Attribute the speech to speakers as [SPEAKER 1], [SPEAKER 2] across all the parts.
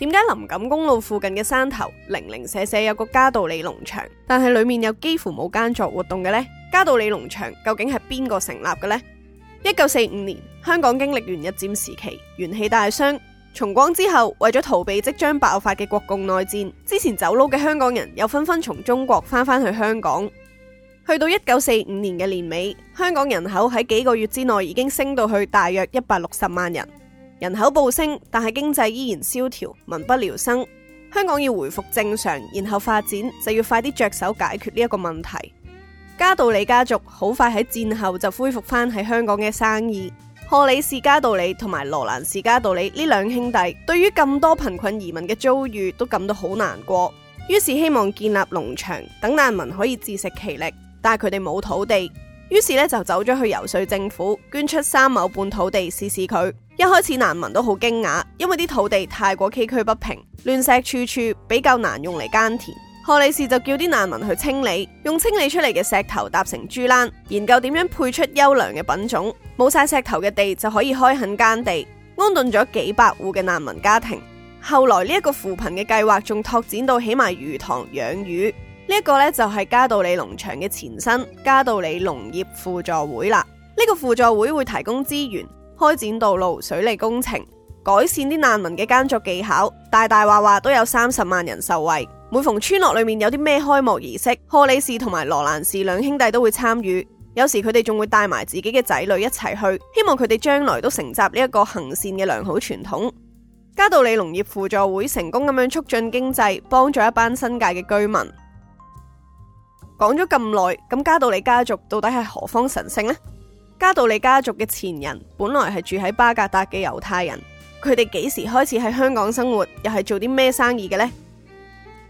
[SPEAKER 1] 點解林錦公路附近嘅山頭零零舍舍有個嘉道理農場，但係裏面有幾乎冇耕作活動嘅呢？嘉道理農場究竟係邊個成立嘅呢？一九四五年，香港經歷完日佔時期，元氣大傷。重光之後，為咗逃避即將爆發嘅國共內戰，之前走佬嘅香港人又紛紛從中國翻返去香港。去到一九四五年嘅年尾，香港人口喺幾個月之內已經升到去大約一百六十萬人。人口暴升，但係經濟依然蕭條，民不聊生。香港要回復正常，然後發展，就要快啲着手解決呢一個問題。嘉道理家族好快喺戰後就恢復翻喺香港嘅生意。賀理士嘉道理同埋羅蘭士嘉道理呢兩兄弟對於咁多貧困移民嘅遭遇都感到好難過，於是希望建立農場，等難民可以自食其力，但係佢哋冇土地。於是咧就走咗去游說政府捐出三畝半土地試試佢。一開始難民都好驚訝，因為啲土地太過崎嶇不平，亂石處處，比較難用嚟耕田。賀利士就叫啲難民去清理，用清理出嚟嘅石頭搭成豬欄，研究點樣配出優良嘅品種。冇晒石頭嘅地就可以開墾耕地，安頓咗幾百戶嘅難民家庭。後來呢一個扶貧嘅計劃仲拓展到起埋魚塘養魚。呢一個咧就係嘉道理農場嘅前身，嘉道理農業輔助會啦。呢個輔助會會提供資源，開展道路、水利工程，改善啲難民嘅耕作技巧。大大話話都有三十萬人受惠。每逢村落裏面有啲咩開幕儀式，賀里士同埋羅蘭士兩兄弟都會參與。有時佢哋仲會帶埋自己嘅仔女一齊去，希望佢哋將來都承襲呢一個行善嘅良好傳統。嘉道理農業輔助會成功咁樣促進經濟，幫助一班新界嘅居民。講咗咁耐，咁嘉道理家族到底係何方神聖呢？嘉道理家族嘅前人本來係住喺巴格達嘅猶太人，佢哋幾時開始喺香港生活，又係做啲咩生意嘅呢？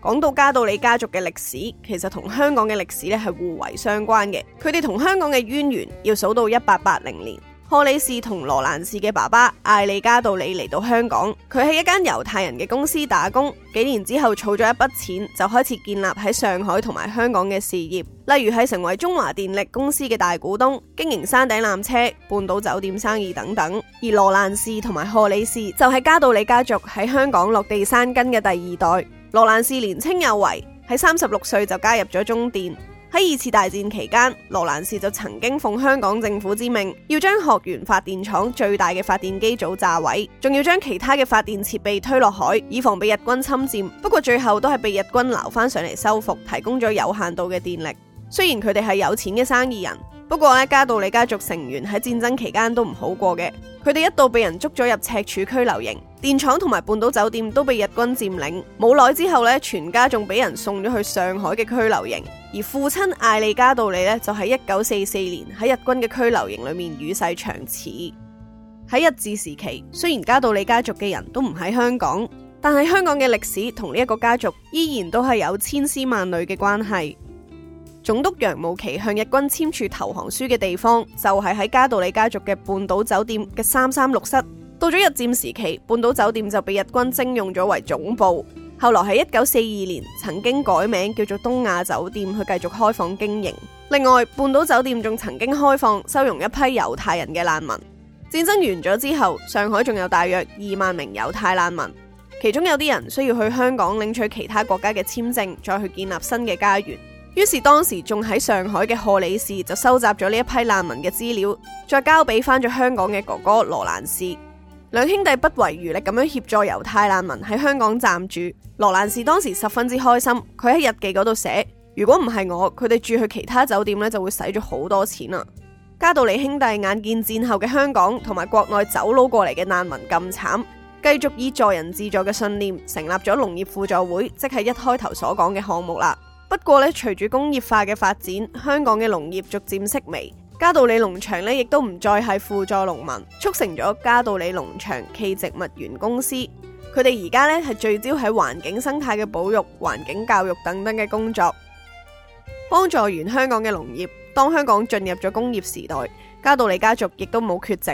[SPEAKER 1] 講到嘉道理家族嘅歷史，其實同香港嘅歷史咧係互為相關嘅，佢哋同香港嘅淵源要數到一八八零年。霍里士同羅蘭士嘅爸爸艾利嘉道理嚟到香港，佢喺一間猶太人嘅公司打工，幾年之後儲咗一筆錢，就開始建立喺上海同埋香港嘅事業，例如喺成為中華電力公司嘅大股東，經營山頂纜車、半島酒店生意等等。而羅蘭士同埋賀理士就係、是、嘉道理家族喺香港落地生根嘅第二代。羅蘭士年青有為，喺三十六歲就加入咗中電。喺二次大戰期間，羅蘭士就曾經奉香港政府之命，要將鶴園發電廠最大嘅發電機組炸毀，仲要將其他嘅發電設備推落海，以防被日軍侵佔。不過最後都係被日軍撈返上嚟修復，提供咗有限度嘅電力。雖然佢哋係有錢嘅生意人，不過呢，嘉道理家族成員喺戰爭期間都唔好過嘅。佢哋一度被人捉咗入赤柱拘留營，電廠同埋半島酒店都被日軍佔領。冇耐之後呢，全家仲俾人送咗去上海嘅拘留營。而父親艾利嘉道理呢，就喺一九四四年喺日軍嘅拘留營裏面與世長辭。喺日治時期，雖然嘉道理家族嘅人都唔喺香港，但係香港嘅歷史同呢一個家族依然都係有千絲萬縷嘅關係。總督楊慕琦向日軍簽署投降書嘅地方，就係、是、喺嘉道理家族嘅半島酒店嘅三三六室。到咗日佔時期，半島酒店就被日軍徵用咗為總部。後來喺一九四二年，曾經改名叫做東亞酒店去繼續開放經營。另外，半島酒店仲曾經開放收容一批猶太人嘅難民。戰爭完咗之後，上海仲有大約二萬名猶太難民，其中有啲人需要去香港領取其他國家嘅簽證，再去建立新嘅家園。於是當時仲喺上海嘅賀理士就收集咗呢一批難民嘅資料，再交俾返咗香港嘅哥哥羅蘭士。兩兄弟不遺餘力咁樣協助猶太難民喺香港暫住。羅蘭士當時十分之開心，佢喺日記嗰度寫：如果唔係我，佢哋住去其他酒店咧，就會使咗好多錢啦。嘉道理兄弟眼見戰後嘅香港同埋國內走佬過嚟嘅難民咁慘，繼續以助人自助嘅信念成立咗農業輔助會，即係一開頭所講嘅項目啦。不過咧，隨住工業化嘅發展，香港嘅農業逐漸式微。嘉道理農場咧，亦都唔再係輔助農民，促成咗嘉道理農場暨植物園公司。佢哋而家咧係聚焦喺環境生態嘅保育、環境教育等等嘅工作，幫助完香港嘅農業。當香港進入咗工業時代，嘉道理家族亦都冇缺席。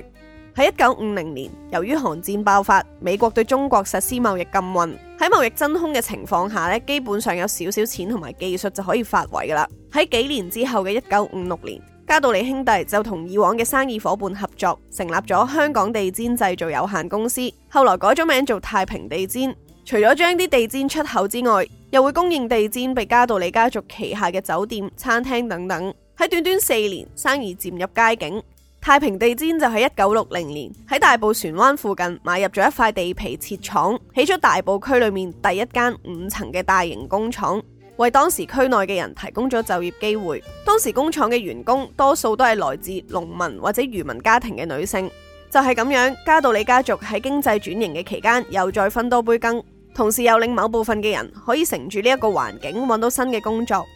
[SPEAKER 1] 喺一九五零年，由於韓戰爆發，美國對中國實施貿易禁運。喺貿易真空嘅情況下咧，基本上有少少錢同埋技術就可以發圍㗎喇。喺幾年之後嘅一九五六年。嘉道理兄弟就同以往嘅生意伙伴合作，成立咗香港地氈製造有限公司，後來改咗名做太平地氈。除咗將啲地氈出口之外，又會供應地氈俾嘉道理家族旗下嘅酒店、餐廳等等。喺短短四年，生意漸入佳境。太平地氈就喺一九六零年喺大埔船灣附近買入咗一塊地皮設廠，起咗大埔區裏面第一間五層嘅大型工廠。為當時區內嘅人提供咗就業機會。當時工廠嘅員工多數都係來自農民或者漁民家庭嘅女性。就係咁樣，嘉道理家族喺經濟轉型嘅期間，又再分多杯羹，同時又令某部分嘅人可以乘住呢一個環境揾到新嘅工作。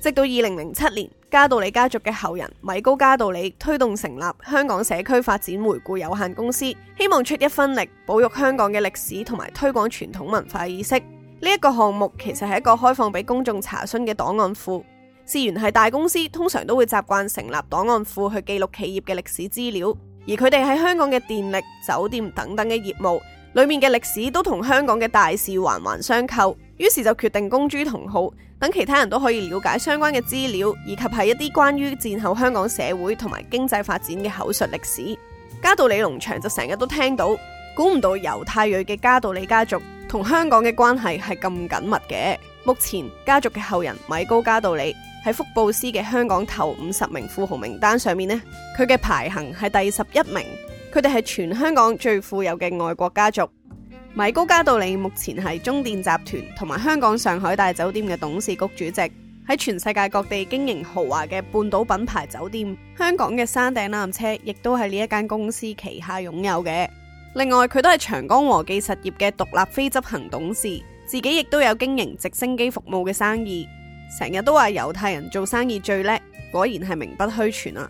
[SPEAKER 1] 直到二零零七年，嘉道理家族嘅後人米高嘉道理推動成立香港社區發展回顧有限公司，希望出一分力保育香港嘅歷史同埋推廣傳統文化意識。呢一個項目其實係一個開放俾公眾查詢嘅檔案庫。事緣係大公司通常都會習慣成立檔案庫去記錄企業嘅歷史資料，而佢哋喺香港嘅電力、酒店等等嘅業務，裡面嘅歷史都同香港嘅大事環環相扣。於是就決定公諸同好，等其他人都可以了解相關嘅資料，以及係一啲關於戰後香港社會同埋經濟發展嘅口述歷史。嘉道理農場就成日都聽到，估唔到猶太裔嘅嘉道理家族同香港嘅關係係咁緊密嘅。目前家族嘅後人米高嘉道理喺福布斯嘅香港頭五十名富豪名單上面呢，佢嘅排行係第十一名。佢哋係全香港最富有嘅外國家族。米高嘉道理目前係中電集團同埋香港上海大酒店嘅董事局主席，喺全世界各地經營豪華嘅半島品牌酒店。香港嘅山頂纜車亦都係呢一間公司旗下擁有嘅。另外，佢都係長江和記實業嘅獨立非執行董事，自己亦都有經營直升機服務嘅生意，成日都話猶太人做生意最叻，果然係名不虛傳啊！